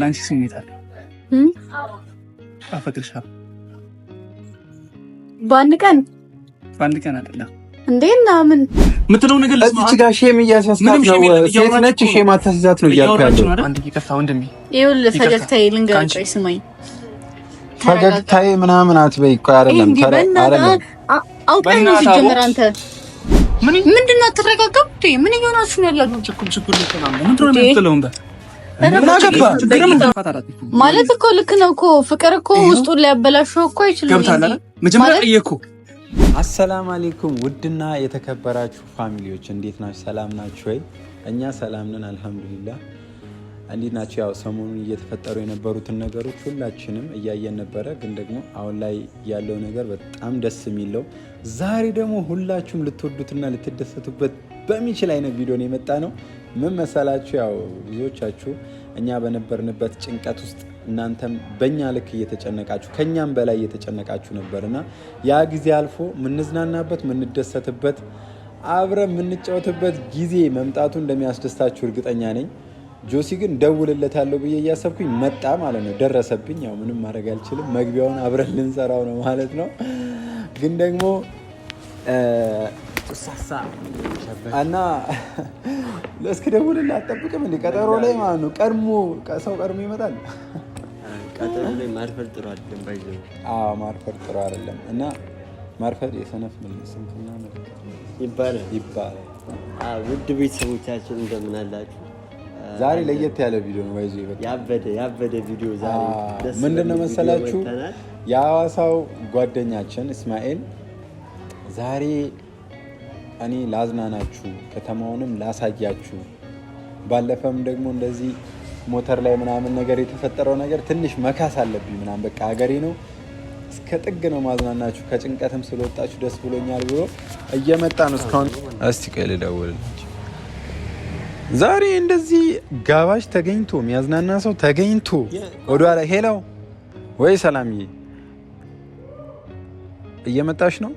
ለአንቺ ስሜት አለ። አፈቅርሻለሁ። በአንድ ቀን በአንድ ቀን አይደለም እንዴ? እና ምን የምትለው ነገር ለስማ ጋር ሼም እያስያስካት ነው። ሴት ነች፣ ሼም አታስይዛት ነው እያልኩ ያለው። አንድ ይቅርታ ወንድሜ። ይኸውልህ ፈገግታዬ ልንገርህ፣ ስማኝ፣ ፈገግታዬ ምናምን አትበይ እኮ አይደለም። ተረ ነው ሲጀምር አንተ ምንድን ነው አትረጋጋም? ምን እየሆናችሁ ነው ያላችሁ? ነው ምንድን ነው የምትለው ማለት እኮ ልክ ነው እኮ ፍቅር እኮ ውስጡን ሊያበላሸው እኮ አይችልም። እየኩ አሰላም አሌይኩም ውድና የተከበራችሁ ፋሚሊዎች እንዴት ናችሁ? ሰላም ናችሁ ወይ? እኛ ሰላም ነን አልሐምዱሊላ። እንዴት ናቸው? ያው ሰሞኑን እየተፈጠሩ የነበሩትን ነገሮች ሁላችንም እያየን ነበረ። ግን ደግሞ አሁን ላይ ያለው ነገር በጣም ደስ የሚለው ዛሬ ደግሞ ሁላችሁም ልትወዱትና ልትደሰቱበት በሚችል አይነት ቪዲዮ ነው የመጣ ነው። ምን መሰላችሁ? ያው ብዙዎቻችሁ እኛ በነበርንበት ጭንቀት ውስጥ እናንተም በእኛ ልክ እየተጨነቃችሁ ከእኛም በላይ እየተጨነቃችሁ ነበር እና ያ ጊዜ አልፎ የምንዝናናበት የምንደሰትበት አብረን የምንጫወትበት ጊዜ መምጣቱ እንደሚያስደስታችሁ እርግጠኛ ነኝ። ጆሲ ግን ደውልለታለሁ ብዬ እያሰብኩኝ መጣ ማለት ነው። ደረሰብኝ። ያው ምንም ማድረግ አልችልም። መግቢያውን አብረን ልንሰራው ነው ማለት ነው። ግን ደግሞ እና እስኪ ደግሞ ላ አጠብቅም እንደ ቀጠሮ ላይ ማለት ነው። ቀድሞ ሰው ቀድሞ ይመጣል። ቀጠሮ ላይ ማርፈር ጥሩ አይደለም፣ ባይዘ ማርፈር ጥሩ አይደለም። እና ማርፈር የሰነፍ ስንፍና ነው ይባላል ይባላል። ውድ ቤተሰቦቻችን እንደምን አላችሁ? ዛሬ ለየት ያለ ቪዲዮ ነው። ይዞ ያበደ ያበደ ቪዲዮ ዛሬ ምንድን ነው መሰላችሁ? የሐዋሳው ጓደኛችን እስማኤል ዛሬ እኔ ላዝናናችሁ፣ ከተማውንም ላሳያችሁ። ባለፈም ደግሞ እንደዚህ ሞተር ላይ ምናምን ነገር የተፈጠረው ነገር ትንሽ መካስ አለብኝ ምናምን በቃ ሀገሬ ነው እስከ ጥግ ነው ማዝናናችሁ፣ ከጭንቀትም ስለወጣችሁ ደስ ብሎኛል ብሎ እየመጣ ነው እስካሁን። እስቲ ቆይ ዛሬ እንደዚህ ጋባዥ ተገኝቶ የሚያዝናና ሰው ተገኝቶ ወደኋላ ሄለው ወይ ሰላምዬ፣ እየመጣሽ ነው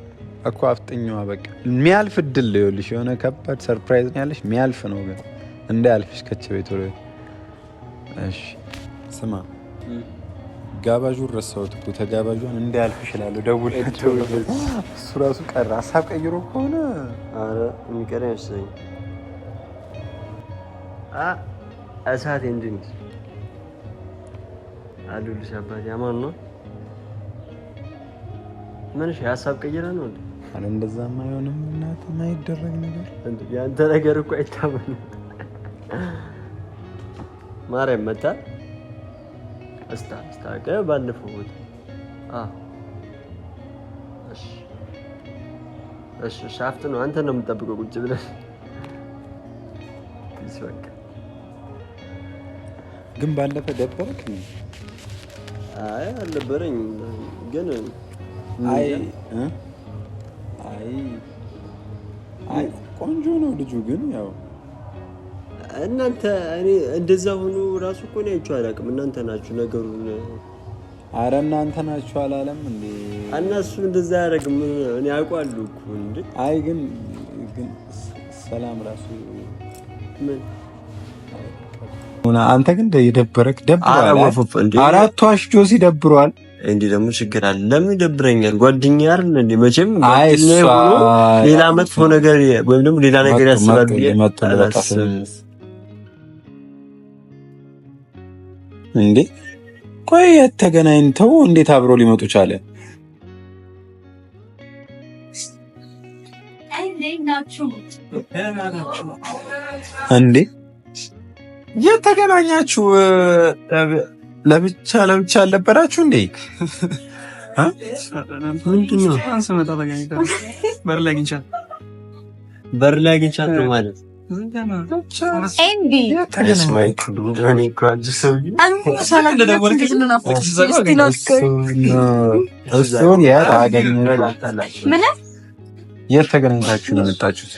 እኮ አፍጥኛዋ በቃ የሚያልፍ እድል ይኸውልሽ፣ የሆነ ከባድ ሰርፕራይዝ ነው ያለሽ። የሚያልፍ ነው ግን እንዳያልፍሽ ከች ቤት ወደ እሺ፣ ስማ ጋባዡን ረሳሁት እኮ ተጋባዡን እንዳያልፍ ይችላሉ። ደውል እሱ ራሱ ቀረ። ሀሳብ ቀይሮ ከሆነ አረ የሚቀረ ይመስለኝ እሳት እንድንድ አሉልሽ አባት ያማን ነው ምንሽ ሀሳብ ቀይረ ነው አረ እንደዛም አይሆንም እናት፣ የማይደረግ ነገር ያንተ ነገር እኮ አይታመንም። ማርያም መታ እስታ ስታቀ ባለፈው ቦታ እሺ፣ እሺ ሻፍት ነው አንተ ነው የምጠብቀው ቁጭ ብለህ ይስበቃ። ግን ባለፈ ደበረክ? አይ አልነበረኝ ግን አይ ቆንጆ ነው ልጁ ግን ያው እናንተ እኔ እንደዛ ሆኖ ራሱ እኮ እኔ አይቼው አላውቅም። እናንተ ናችሁ ነገሩን። አረ እናንተ ናችሁ አላለም እንዴ? እና እንደዛ አያደርግም። እኔ አውቃለሁ እኮ እንዴ። አይ ግን ግን ሰላም ራሱ ምን አንተ ግን የደበረክ ደብሯል። አራት ዋሽ ጆሲ ደብሯል። እንዲህ ደግሞ ችግር አለ። ለምን ይደብረኛል? ጓደኛ አይደል እንዴ? መቼም ሌላ መጥፎ ነገር ወይም ደግሞ ሌላ ነገር ያስባል። እንዴ ቆይ ተገናኝተው እንዴት አብሮ ሊመጡ ቻለ? እንዴ የተገናኛችሁ ለብቻ ለብቻ አልነበራችሁ እንዴ? ምንድነው? በር ላይ አግኝቻት ነው ማለት የት ተገናኝታችሁ ነው የመጣችሁት?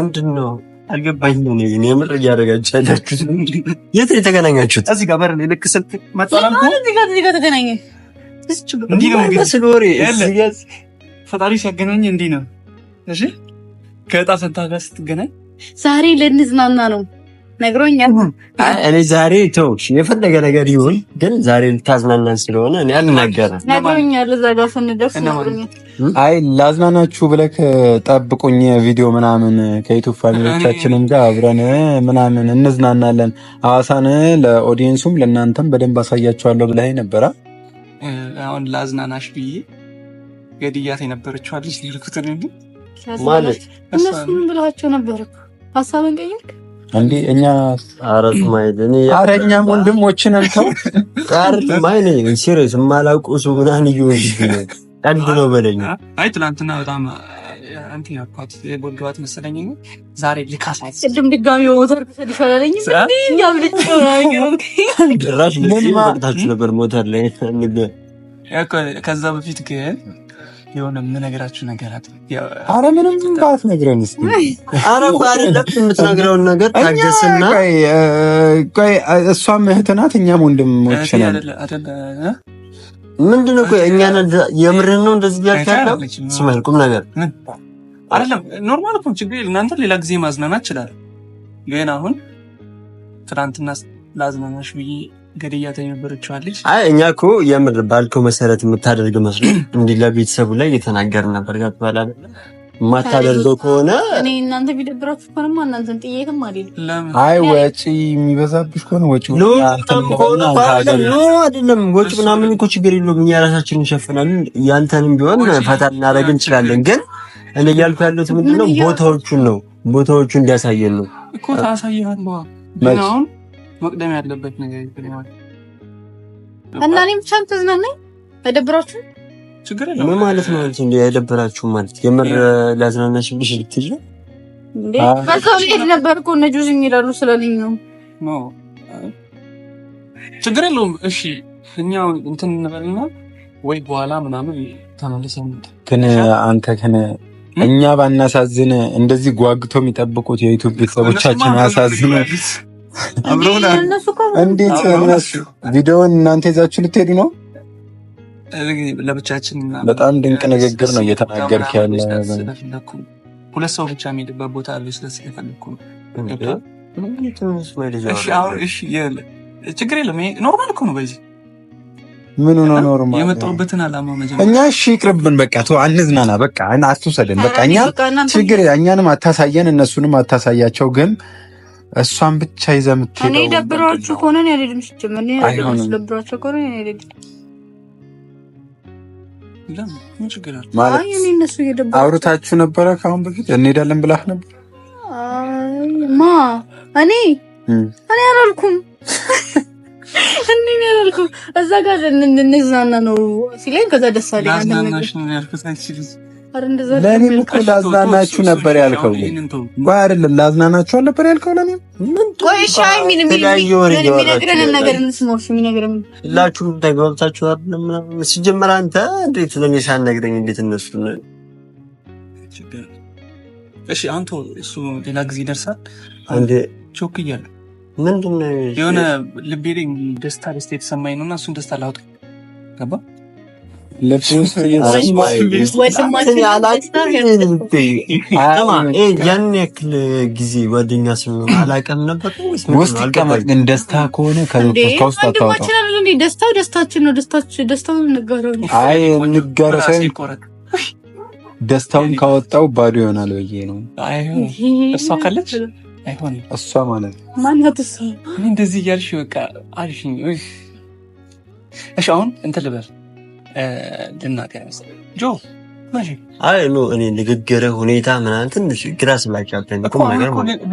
ምንድን ነው አልገባኝ ነው እኔ ምር እያደረጋችሁ ያላችሁት የት ነው የተገናኛችሁት? እዚህ ጋር በር ልክ ስልክ መጣላም ፈጣሪ ሲያገናኝ እንዲህ ነው። እሺ ከዕጣ ፈንታ ጋር ስትገናኝ ዛሬ ለእንዝናና ነው ነግሮኛል። እኔ ዛሬ ተውሽ፣ የፈለገ ነገር ይሁን ግን ዛሬ ልታዝናናን ስለሆነ እኔ አልናገርም። ነግሮኛል፣ እዛ ጋር ስንደርስ አይ ላዝናናችሁ ብለህ ጠብቁኝ፣ ቪዲዮ ምናምን ከዩቱብ ፋሚሊዎቻችንም ጋር አብረን ምናምን እንዝናናለን። ሐዋሳን ለኦዲየንሱም ለእናንተም በደንብ አሳያችኋለሁ ብለህ ነበራ። አሁን ላዝናናሽ ብዬ ገድያት የነበረችዋለች ሊልኩትን ማለት እነሱም ብላቸው ነበር ሀሳብን ቀየርክ እንዴ እኛ አረስ ማይድ እኔ አረኛም ወንድሞችን አልተው ቃር ማይ ነኝ ሲሪየስ ማላውቁ ሱ ምናን ይሁን ቀንድ ነው በለኝ። አይ ትላንትና በጣም አንቲ ያቋት የቦልጓት መሰለኝ ዛሬ ልካሳት ቅድም ድጋሚ ሞተር ተደሻለኝ ምን ነበር ሞተር ላይ ከዛ በፊት ግን የሆነ የምነግራችሁ ነገር አለ። አረ ምንም ባት ባትነግረን ስ አረ ባለት የምትነግረውን ነገር ታገስና፣ ቆይ እሷም እህት ናት፣ እኛም ወንድሞች ነን። ምንድን ነው እኛ የምርህን ነው እንደዚህ እያልክ ያለው? ቁም ነገር አይደለም። ኖርማል እኮ ችግር የለም። እናንተ ሌላ ጊዜ ማዝናናት ይችላል። ግን አሁን ትናንትና ላዝናናሽ ብዬ ገድያት የነበረችዋል ልጅ እኛ እኮ የምር ባልከው መሰረት የምታደርግ መስሎ እንዲህ ለቤተሰቡ ላይ እየተናገር ነበር። ጋባላ የማታደርገው ከሆነ እኔ እናንተ ቢደብራችሁ ከሆነማ እናንተን ጥዬትም አልሄድም። አይ ወጪ የሚበዛብሽ ከሆነ ወጪ አይደለም ወጪ ምናምን እኮ ችግር የለውም እኛ ራሳችን እንሸፍናለን። ያንተንም ቢሆን ፈታ ልናደርግ እንችላለን። ግን እኔ እያልኩ ያለሁት ምንድነው ቦታዎቹን ነው ቦታዎቹ እንዲያሳየን ነው እኮ ታሳየሃል መቅደም ያለበት ነገር ይፈልማል እና እኔም ብቻ ተዝናናኝ ተደብራችሁ ምን ማለት ነው እንጂ እንዴ ያደብራችሁ ማለት የምር ላዝናናሽ ብሽ ልትይዝ ነው እንዴ? በሰው ልሄድ ነበር እኮ እነ ጁዝ የሚላሉ ስለልኝ ነው። ኖ ችግር የለውም። እሺ እኛ እንትን እንበልና ወይ በኋላ ምናምን ተመልሰን ግን አንተ ከነ እኛ ባናሳዝን እንደዚህ ጓግቶ የሚጠብቁት የዩቲዩብ ቤተሰቦቻችን አሳዝኑ። አብረውና እንዴት እነሱ ቪዲዮውን እናንተ ይዛችሁ ልትሄዱ ነው? ለብቻችን በጣም ድንቅ ንግግር ነው እየተናገርክ ያለ። ሁለት ሰው ብቻ የሚሄድበት ቦታ አለ ስለፈለኩ ችግር የለም። ኖርማል እኮ ነው። በዚህ ምን ሆነ ኖርማል። የመጣሁበትን አላማ መጀመሪያ እኛ እሺ ይቅርብን፣ በቃ ተው፣ አንዝናና፣ በቃ አትውሰደን፣ በቃ እኛ ችግር እኛንም አታሳየን፣ እነሱንም አታሳያቸው ግን እሷን ብቻ ይዘህ የምትሄደው እኔ ደብሯችሁ ከሆነ እኔ አልሄድም። ሲጀመር እኔ ደብሯችሁ ከሆነ እኔ አልሄድም። አውርታችሁ ነበረ ከአሁን በፊት እንሄዳለን ብላህ ነበር። ማ እኔ እኔ አላልኩም እኔ አላልኩም። እዛ ጋር እንዝናና ነው ሲለኝ ከዛ ደስ አለኝ። ለእኔም እኮ ላዝናናችሁ ነበር ያልከው። ቆይ አይደለም ላዝናናችሁ አልነበር ያልከው? ለእኔም ሁላችሁም ተግባብታችሁ ሲጀመር አንተ እንዴት ለእኔ ሳትነግረኝ እንዴት እነሱ እሺ፣ አንተ እሱ ሌላ ጊዜ ይደርሳል። አንዴ ቾክ እያለሁ ምንድን ነው የሆነ ልቤ ደስታ ደስታ የተሰማኝ ነው እና እሱን ደስታ ላውጥ ገባ ያን ያክል ጊዜ ጓደኛ አላውቅም ነበር። ውስጥ ይቀመጥ ግን ደስታ ከሆነ ደስታው ደስታችን ነው። ደስታውን ደስታውን ካወጣው ባዶ ይሆናል ብዬ ነው። እሷ ካለች እሷ ማለት ማናት? እሷ እንደዚህ እያልሽ በቃ አልሽኝ። እሺ አሁን እንትን ልበል ልናገር መሰለኝ ጆ አይ ኖ እኔ ንግግር ሁኔታ ምናምን ትንሽ ግራ ስላጋባኝ አይደለም።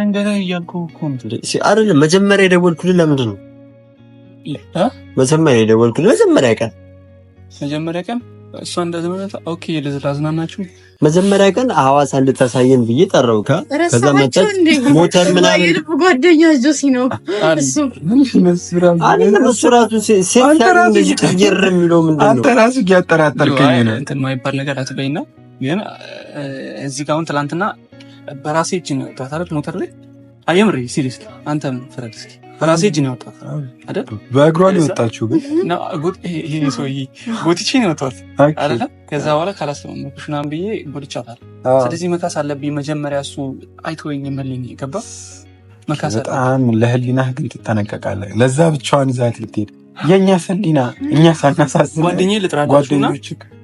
መጀመሪያ የደወልኩልህ ለምንድን ነው? መጀመሪያ የደወልኩልህ መጀመሪያ ቀን መጀመሪያ ቀን እሷ እንደዚህ ኦኬ፣ ኦኬ፣ ላዝናናችሁ። መጀመሪያ ቀን ሐዋሳ እንድታሳየን ብዬ ጠራው። ከዛ መጠት ሞተር ምናምን ጓደኛ ጆሲ ነው እሱ ራሱ ሲቀየር የሚለው ምንድነው? አንተ ራሱ እያጠራጠርከኝ ነው። እንትን የማይባል ነገር አትበይና። ግን እዚህ ጋር አሁን ትላንትና በራሴ እጅ ነው ሞተር ላይ የምሬ ሲሪስ አንተም ፍረድ እስኪ። ራሴ እጅ ነው የወጣት አይደል? በእግሯ ነው የወጣችው። ግን ይሄ ሰውዬ ጎትቼ ነው የወጣት አይደለ? ከዛ በኋላ ካላስለመኩሽ ምናምን ብዬ ጎድቻታል። ስለዚህ መካስ አለብኝ። መጀመሪያ እሱ አይተወኝ የመልኝ ገባ መካስ። በጣም ለህሊናህ ግን ትጠነቀቃለህ። ለዛ ብቻዋን ይዛት ልትሄድ የእኛ ስሊና እኛ ሳናሳስ ጓደኛ ልጥራዳችሁና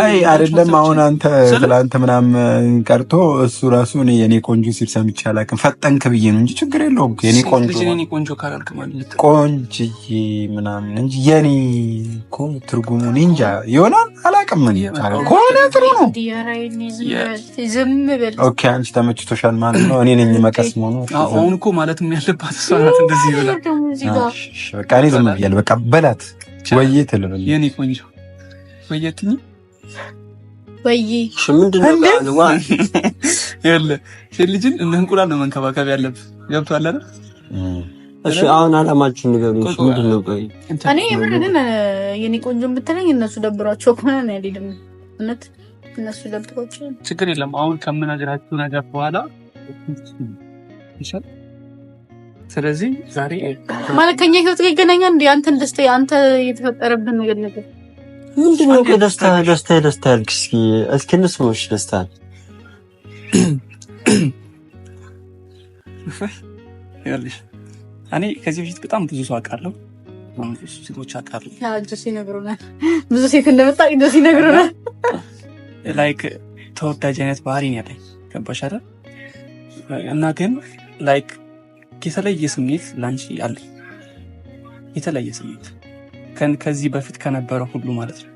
አይ አይደለም። አሁን አንተ ትላንት ምናምን ቀርቶ እሱ ራሱ እኔ የኔ ቆንጆ ሲል ሰምቼ አላውቅም። ፈጠንክ ብዬ ነው እንጂ ችግር የለውም። የኔ ቆንጆ ቆንጅዬ ምናምን እንጂ የኔ ትርጉሙ እኔ እንጃ ይሆናል አላውቅም። ከሆነ ጥሩ ነው። አንቺ ተመችቶሻል ማለት ነው። እኔ ነኝ መቀስ መሆኑ አሁን እኮ ማለት ያለባት እሷ እንደዚህ ይበላል። በቃ እኔ ዝም ብያለሁ። በቃ በላት ወይዬ ትልበል የኔ ቆንጆ ወየትኝ ወይ ልጅን እንቁላል ነው መንከባከብ ያለብህ። ገብቶሃል አይደል? እሺ አሁን አላማችሁ ንገሩኝ። ምንድን ነው? ቆይ እኔ የምር ግን የኔ ቆንጆ የምትለኝ እነሱ ደብሯቸው ከሆነ ነው ያልሄድም። እውነት እነሱ ደብሯቸው ችግር የለም። አሁን ከምነግራችሁ ነገር በኋላ ይሻል። ስለዚህ ዛሬ ማለት ከኛ ህይወት ጋር ይገናኛል። አንተን ደስታ አንተ የተፈጠረብን ነገር ነገር ምንድን ነው ከደስታ ደስታ ደስታ ያልክ? እስኪ እስኪ ደስታ ያለሽ እኔ ከዚህ በፊት በጣም ብዙ ሰው አውቃለሁ፣ ሴቶች አውቃለሁ። ብዙ ሴት እንደመጣ ጆሲ ነግሮናል። ላይክ ተወዳጅ አይነት ባህሪ ነው ያለኝ ገባሽ አይደል? እና ግን ላይክ የተለየ ስሜት ላንቺ አለኝ የተለየ ስሜት ከዚህ በፊት ከነበረው ሁሉ ማለት ነው።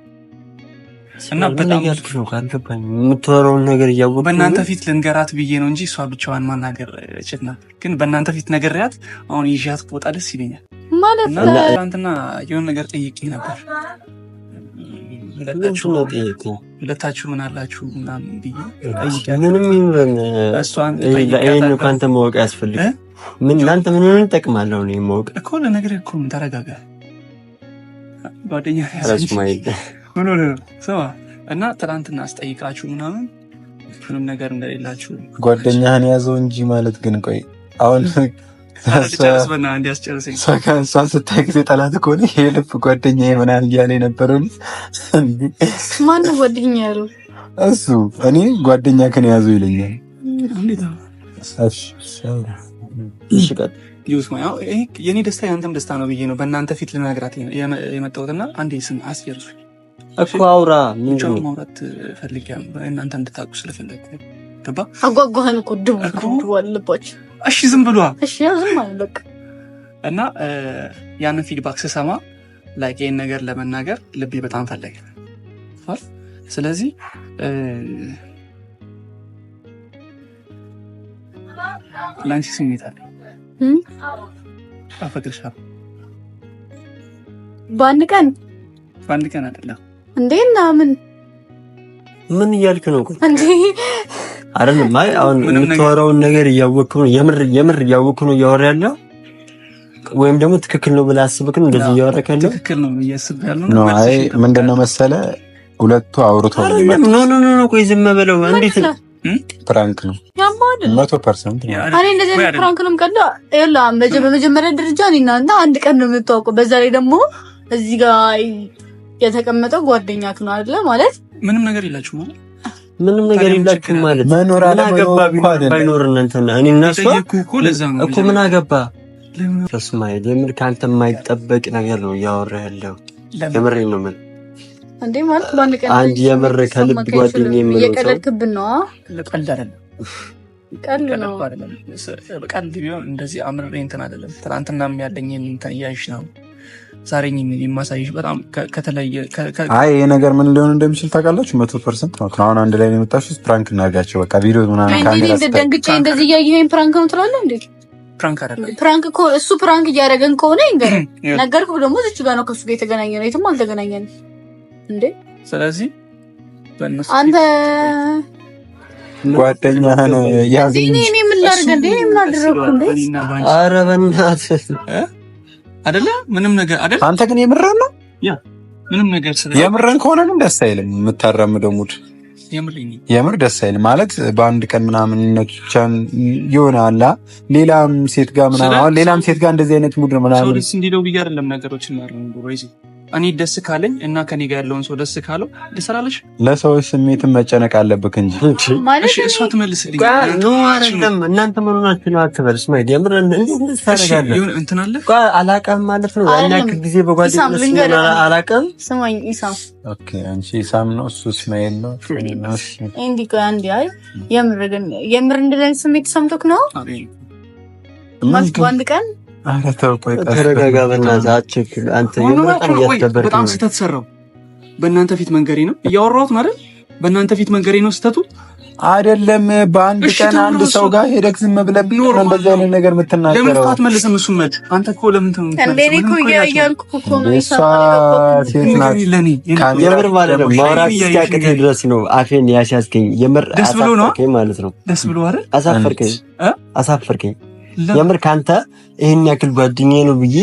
እና በጣም ነገር እያወቅሁ በእናንተ ፊት ልንገራት ብዬ ነው እንጂ እሷ ብቻዋን ማናገር እችል ነበር። ግን በእናንተ ፊት ነገርያት። አሁን ይዣት ቦጣ ደስ ይለኛል ማለት ነው። ትናንትና የሆነ ነገር ጠይቄ ነበር። ሁለታችሁ ምን አላችሁ ምናምን ብዬ ምንም ከአንተ ማወቅ ያስፈልግ ምን ለአንተ ምን ሆነ ማወቅ እኮ ለነገር እኮ ተረጋጋ ጓደኛ ምን ስማ እና ትናንትና አስጠይቃችሁ ምናምን ምንም ነገር እንደሌላችሁ ጓደኛህን ያዘው እንጂ ማለት ግን ቆይ አሁን እሷን ስታይ ጊዜ ጠላት ከሆነ ይሄ ልብ ጓደኛ ምናምን እያለ የነበረው ማን ጓደኛ ያለው? እሱ እኔ ጓደኛ ከን ያዘው ይለኛል። እሺ ቀጥ የኔ ደስታ የአንተም ደስታ ነው ብዬ ነው በእናንተ ፊት ልነግራት የመጣሁትና አንዴ ስም አስጀርሱ እኮ አውራ ብቻ ማውራት ፈልጌ እናንተ እንድታቁ ስለፈለግ ገባ አጓጓህን እኮ ድቡ አለባቸው። እሺ ዝም ብሏ እሺ ዝም አለቅ እና ያንን ፊድባክ ስሰማ ላይክ ይህን ነገር ለመናገር ልቤ በጣም ፈለገ። ስለዚህ ለአንቺ ስሜት አለ። አፈቅርሻለሁ። በአንድ ቀን በአንድ ቀን አይደለም እንዴ? እና ምን ምን እያልክ ነው እንዴ? አይደለም አይ፣ አሁን የምታወራውን ነገር እያወቅክ ነው? የምር የምር ነው እያወራ ያለው ወይም ደግሞ ትክክል ነው ብለህ አስብክ ነው እንደዚህ እያወራክ ያለው? ትክክል ነው እያስብ ያለው ነው። አይ ምንድን ነው መሰለህ ሁለቱ አውርተው ነው። ኖ ኖ ኖ፣ ቆይ ዝም በለው እንዴት ፕራንክ ነው። መቶ ፐርሰንት እኔ እንደዚህ አይነት ፕራንክ ነው ቀላ ላ በመጀመሪያ ደረጃ እናንተ አንድ ቀን ነው የምታውቀው። በዛ ላይ ደግሞ እዚህ ጋር የተቀመጠው ጓደኛክ ነው አለ ማለት ምንም ነገር የላችሁ ማለት ምንም ነገር የላችሁ ማለት መኖር አለመኖር ባይኖር እንትና እኔ እና እኮ ምን አገባ ተስማይ የምር ከአንተ የማይጠበቅ ነገር ነው እያወራ ያለው የምሬ ነው ምን አንድ የምር ከልብ ጓደኛ የቀለድክብን ነው። ቀልድ አይደለም፣ ቀል ነው። ቀልድ ቢሆን እንደዚህ አምር እንትን አይደለም። ትናንትና ያለኝ እንትን እያይሽ ነው ዛሬ የማሳይሽ በጣም ከተለየ አይ ይሄ ነገር ምን ሊሆን እንደሚችል ታውቃላችሁ? መቶ ፐርሰንት ነው። አሁን አንድ ላይ የመጣችሁ ፕራንክ እናድርጋቸው በቃ ቪዲዮ ምናምን ደንግጬ እንደዚህ እያየኸኝ ፕራንክ ነው ትላለህ እንዴ? ፕራንክ አይደለም። ፕራንክ እኮ እሱ ፕራንክ እያደረገን ከሆነ ይንገረን ነገርኩህ። ደግሞ ዝች ጋ ነው ከሱ ጋር የተገናኘ ነው። የትም አልተገናኘንም። እንዴ! ስለዚህ አንተ ጓደኛ ያገኘሽ እኔ ምን ምንም ነገር አይደል? አንተ ግን የምርህን ነው ምንም ነገር ስለ የምረን ከሆነ ግን ደስ አይልም። የምታራምደው ሙድ የምር ደስ አይልም ማለት በአንድ ቀን ምናምን ነቻን ይሆናላ። ሌላም ሴት ጋር ምናምን ሌላም ሴት ጋር እንደዚህ አይነት ሙድ ነው ምናምን እኔ ደስ ካለኝ እና ከኔ ጋር ያለውን ሰው ደስ ካለው ልሰራለሽ። ለሰዎች ስሜትን መጨነቅ አለብክ እንጂ እሷ ትመልስልኝ። እናንተ ምን ሆናችሁ ነው? አትበልስ ማይድ የምር አላቀም ማለት ነው። ያን ያክል ጊዜ በጓደኝነት አላቀም። ስማኝ ነው እሱ እስማኤል ነው። አንዲ አይ የምር ግን የምር እንደዚህ ስሜት ሰምቶክ ነው ማለት በአንድ ቀን ተረጋጋ በእናትህ አንተ በጣም ስህተት ሰራው። በእናንተ ፊት መንገሬ ነው እያወራሁት በእናንተ ፊት መንገሬ ነው ስህተቱ አይደለም። በአንድ ቀን አንድ ሰው ጋር ሄደክ ዝም ብለህ እንደዛ አይነት ነገር የምትናገረው ለምን አንተ ማለት ነው ማውራት ድረስ ነው አፌን ያስያዝከኝ። የምር ማለት ነው። ደስ ብሎ አይደል? አሳፈርከኝ፣ አሳፈርከኝ የምር ካንተ ይህን ያክል ጓደኛዬ ነው ብዬ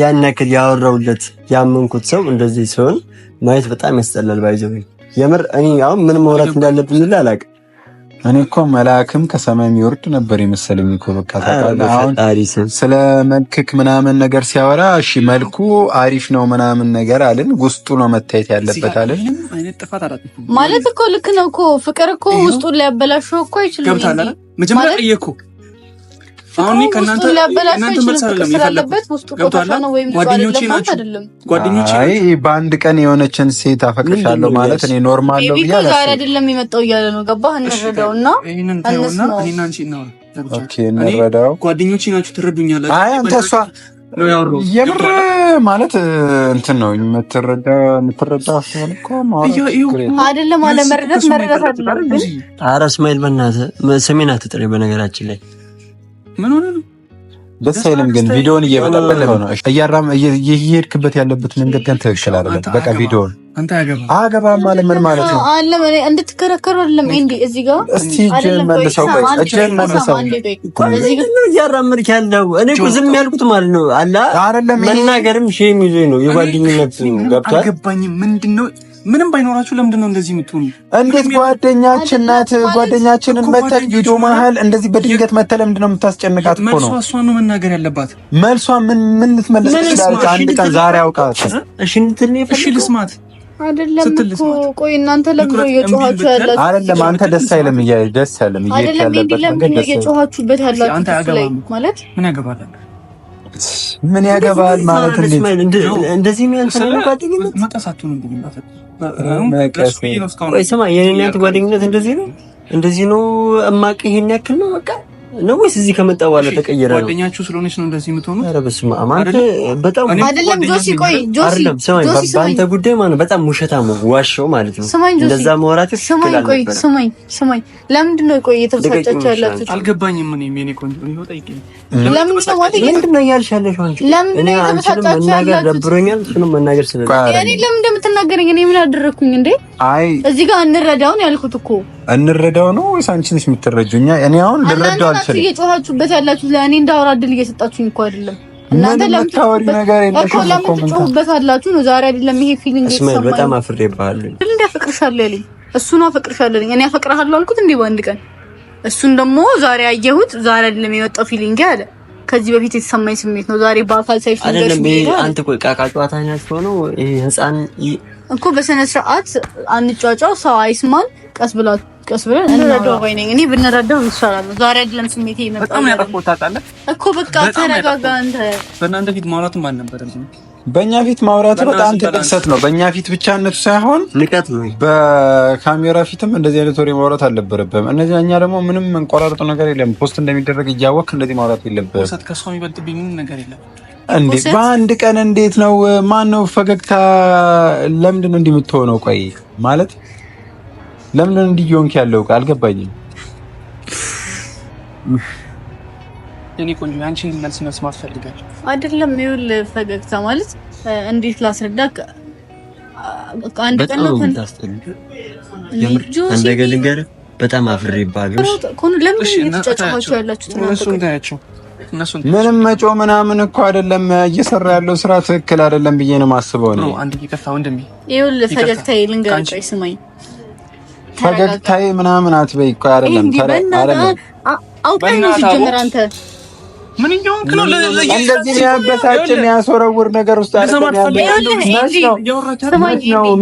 ያን ያክል ያወራውለት ያመንኩት ሰው እንደዚህ ሲሆን ማየት በጣም ያስጠላል። ባይዘው የምር እኔ አሁን ምን መውራት እንዳለብኝ ልል አላውቅም። እኔ እኮ መልአክም ከሰማይ የሚወርድ ነበር የመሰለኝ እኮ በቃ ታውቃለህ። ስለ መልክክ ምናምን ነገር ሲያወራ እሺ መልኩ አሪፍ ነው ምናምን ነገር አለን፣ ውስጡ ነው መታየት ያለበት አለን። ማለት እኮ ልክ ነው እኮ ፍቅር እኮ ውስጡን ሊያበላሸው እኮ አይችልም። መጀመሪያ እኮ አሁን ከእናንተ እናንተ መልስ አይደለም የፈለኩት ጓደኞቼ ናቸው። ጓደኞቼ በአንድ ቀን የሆነችን ሴት አፈቅርሻለሁ ማለት እኔ ኖርማል ነው ብዬ ዛሬ አይደለም የመጣው እያለ ነው። ገባህ? እንረዳውና እንረዳው። ጓደኞቼ ናቸው፣ ትረዱኛለህ። አይ አንተ እሷ የምር ማለት እንትን ነው የምትረዳ የምትረዳ አይደለም። አለመረዳት መረዳት አለ። ኧረ እስማኤል በእናትህ ስሜን አትጥሪ። በነገራችን ላይ ምን ሆነ ነው? ደስ አይልም። ግን ቪዲዮን እየበጠበጠው ነው። እያራም እየሄድክበት ያለበት መንገድ ግን ትክክል አይደለም። በቃ ቪዲዮን አገባም ማለት ምን ማለት ነው? አለም እኔ እንድትከረከሩ አይደለም። እንዲ እዚህ ጋር እስቲ እጅህን መልሰው፣ እጅህን መልሰው። እያራመድክ ያለው እኔ እኮ ዝም ያልኩት ማለት ነው አላ አይደለም። መናገርም ሼም ይዞኝ ነው የጓደኝነት ገብቷል። አልገባኝም ምንድን ነው ምንም ባይኖራችሁ ለምንድን ነው እንደዚህ የምትሆኑ? እንዴት ጓደኛችን ናት፣ ጓደኛችንን መተን ቪዲዮ መሀል እንደዚህ በድንገት መተ ለምንድን ነው የምታስጨንቃት? እኮ ነው እሷን ነው መናገር ያለባት። መልሷ ምን ምን ልትመልስ ትችላለች? አንድ ቀን ዛሬ አውቃት። እሺ እንትን እሺ ልስማት አይደለም እኮ እናንተ ለምን እየጮኋችሁ ያላችሁ? አይደለም አንተ ደስ አይልም፣ ደስ አይልም፣ እየጮኋችሁበት ያላችሁ ማለት ምን ያገባል ምን ያገባል ማለት እንዴ? እንደዚህ ነው ጓደኝነት እንደዚህ ነው እንደዚህ ነው። እማቅ ይሄን ያክል ነው በቃ ነው ወይስ እዚህ ከመጣ በኋላ ተቀየረ? ጓደኛችሁ ስለሆነች ነው እንደዚህ የምትሆኑ? ኧረ በስመ አብ አንተ በጣም አይደለም። ጆሲ ቆይ ጆሲ ጆሲ በአንተ ጉዳይ ማለት በጣም ውሸታም ዋሸው ማለት ነው። እንደዛ መወራት ስማኝ፣ ቆይ ስማኝ፣ ስማኝ። ለምንድን ነው ቆይ የተበሳጫችሁ ያላችሁ? አልገባኝም። ምን የሚኔ ቆንጆ ነው ጠይቀኝ። ለምንድን ነው ማለት ምንድን ነው እያልሽ ያለሽው አንቺ? ለምንድን ነው የተበሳጫችሁ ያላችሁ? ደብሮኛል። እሱንም መናገር ስለዚህ እኔ ለምን እንደምትናገረኝ እኔ ምን አደረኩኝ እንዴ? አይ እዚህ ጋር እንረዳውን ያልኩት እኮ እንረዳው ነው ወይስ አንቺ ነሽ የምትረጁኛ? እኔ አሁን ልረዳው አልችልም። እየጮሃችሁበት ያላችሁ ለእኔ እንዳወራ እድል እየሰጣችሁኝ እኮ አይደለም። እናንተ ለምታወሪ ነገር የለሽም እኮ ምን ትጮሁበታላችሁ ነው? ዛሬ አይደለም ይሄ ፊሊንግ እየተሰማኝ በጣም አፍሬብሃለሁ። እንዴ አፈቅርሻለሁ ያለኝ ነው። አፈቅርሻለሁ ያለኝ እኔ አፈቅርሃለሁ አልኩት እንዴ በአንድ ቀን። እሱን ደግሞ ዛሬ አየሁት። ዛሬ አይደለም የመጣው ፊሊንግ አለ ከዚህ በፊት የተሰማኝ ስሜት ነው። ዛሬ በአካል ሳይሽ አይደለም። አንተ ቆይ ቃቃ ጨዋታ ነው ይሄ ህፃን እኮ በስነ ስርዓት አንጫጫው። ሰው አይስማል። ቀስ ብላችሁ ቀስ ብለን እንረዳው። ወይኔ እኔ ብንረዳው ይሻላል። ዛሬ አይደለም ስሜቴ ይመጣ በጣም ያጠፋው ታውቃለህ እኮ በቃ ተረጋጋ። አንተ በእናንተ ፊት ማውራትም አልነበረም። በእኛ ፊት ማውራቱ በጣም ጥቅሰት ነው። በእኛ ፊት ብቻነቱ ሳይሆን ንቀት ነው። በካሜራ ፊትም እንደዚህ አይነት ወሬ ማውራት አልነበረብም። እነዚህ እኛ ደግሞ ምንም እንቆራርጡ ነገር የለም። ፖስት እንደሚደረግ እያወቅህ እንደዚህ ማውራት የለብህም። ፖስት ከሰው የሚበልጥብኝ ምንም ነገር የለም። እንዴ በአንድ ቀን እንዴት ነው? ማን ነው ፈገግታ? ለምንድን ነው እንዲህ የምትሆነው? ቆይ ማለት ለምን እንዲየውንክ እየሆንክ ያለው አልገባኝም። እኔ ቆንጆ አንቺን መልስ መስማት ፈልጋለሁ። አይደለም ይውል ፈገግታ ማለት እንዴት ላስረዳ? አንድ ቀን ነው ታስጠሉ በጣም አፍሬ ይባሉ ምንም መጮ ምናምን እኮ አይደለም። እየሰራ ያለው ስራ ትክክል አይደለም ብዬ ነው የማስበው ነው። አንድ ፈገግታ ልንገርህ፣ ስማኝ ፈገግታዬ ምናምን አትበይ እኮ አይደለም። ምን እንደሆንክ ነው እንደዚህ የሚያበሳጭ የሚያስወረውር ነገር ውስጥ ነው።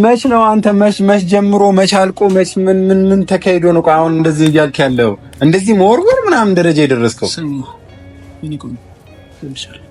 መች ነው አንተ መች መች ጀምሮ መች አልቆ መች ምን ምን ምን ተካሂዶ ነው አሁን እንደዚህ እያልክ ያለው? እንደዚህ መወርወር ምናምን ደረጃ የደረስከው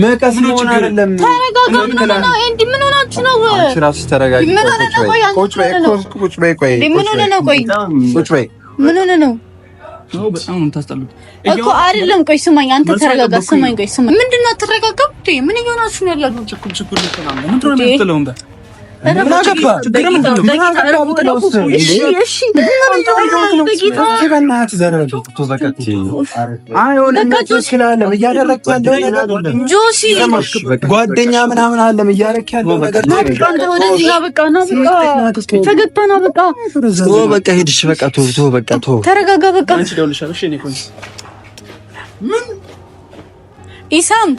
መቀስ ነው አይደለም። ተረጋጋ ነው እንዴ? ምን ነው? አንቺ ምን ሆነ ነው? ምን ሆነ ነው? ምን ሆነ ነው? ነው እኮ አይደለም። ቆይ ስማኝ፣ አንተ ተረጋጋ። ስማኝ፣ ቆይ ስማኝ፣ ምንድን ነው አትረጋጋም? ምን እየሆናችሁ ነው ያላችሁት? ነው ነው ምናገባ ችግር ምንድን ነው? ምናገባ ምትለውስ ጓደኛ ምናምን አለም እያደረክ ያለው ነገር ፈገግታና በቃ በቃ ሄድሽ በቃ በቃ ተረጋጋ በቃ ኢሳም